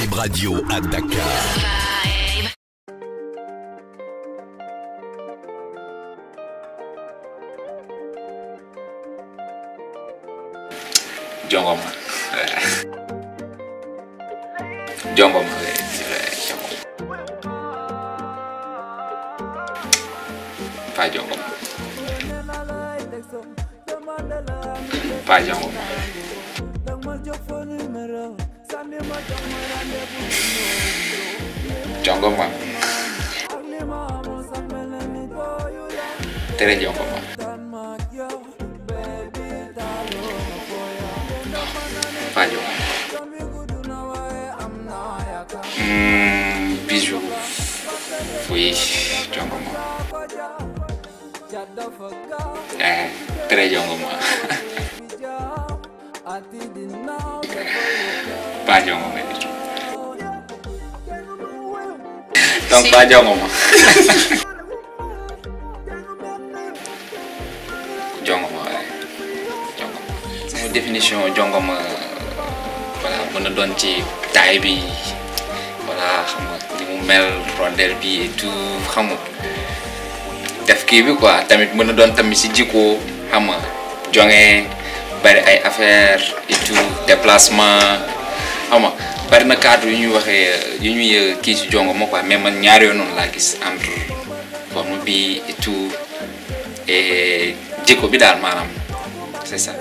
Vibe Radio à Dakar. jongo ma jongo ma Pas jongo jonggong bang tere jonggong bang Valeu. Hum, biju. eh panjang ngomong itu tong panjang ngomong jongom jongom eh. sama definition jongom voilà mën na ci bi voilà xam nga ni mu mel rondel bi et tout def kii bi quoi tamit mën na doon tamit si jikko xam nga jonge bari ay affaire et tout xaw ma bari na cadre yu ñuy waxee yu ñuy euh, kii ci jongo ma quoi mais man ñaar yooyu noonu laa gis entre forme bi et tout et bi daal maanaam c'est ça.